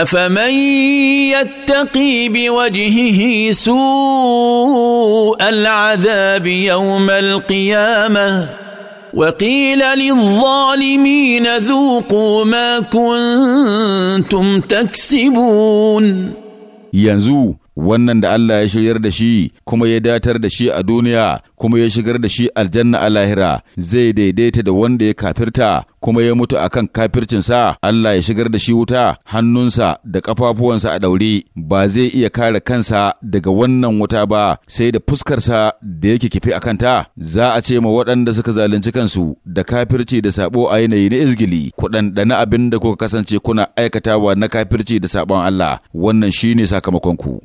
افمن يتقي بوجهه سوء العذاب يوم القيامه وقيل للظالمين ذوقوا ما كنتم تكسبون ينزو wannan da Allah ya shiryar da shi kuma ya datar da shi a duniya kuma ya shigar da shi aljanna a lahira zai daidaita da wanda ya kafirta kuma ya mutu akan kafircinsa Allah ya shigar da shi wuta hannunsa da kafafuwansa a daure ba zai iya kare kansa daga wannan wuta ba sai da fuskarsa da yake kifi akan ta za a ce ma waɗanda suka zalunci kansu da kafirci da sabo a yanayi na izgili ku ɗanɗana abin da kuka kasance kuna aikatawa na kafirci da sabon Allah wannan shine ku.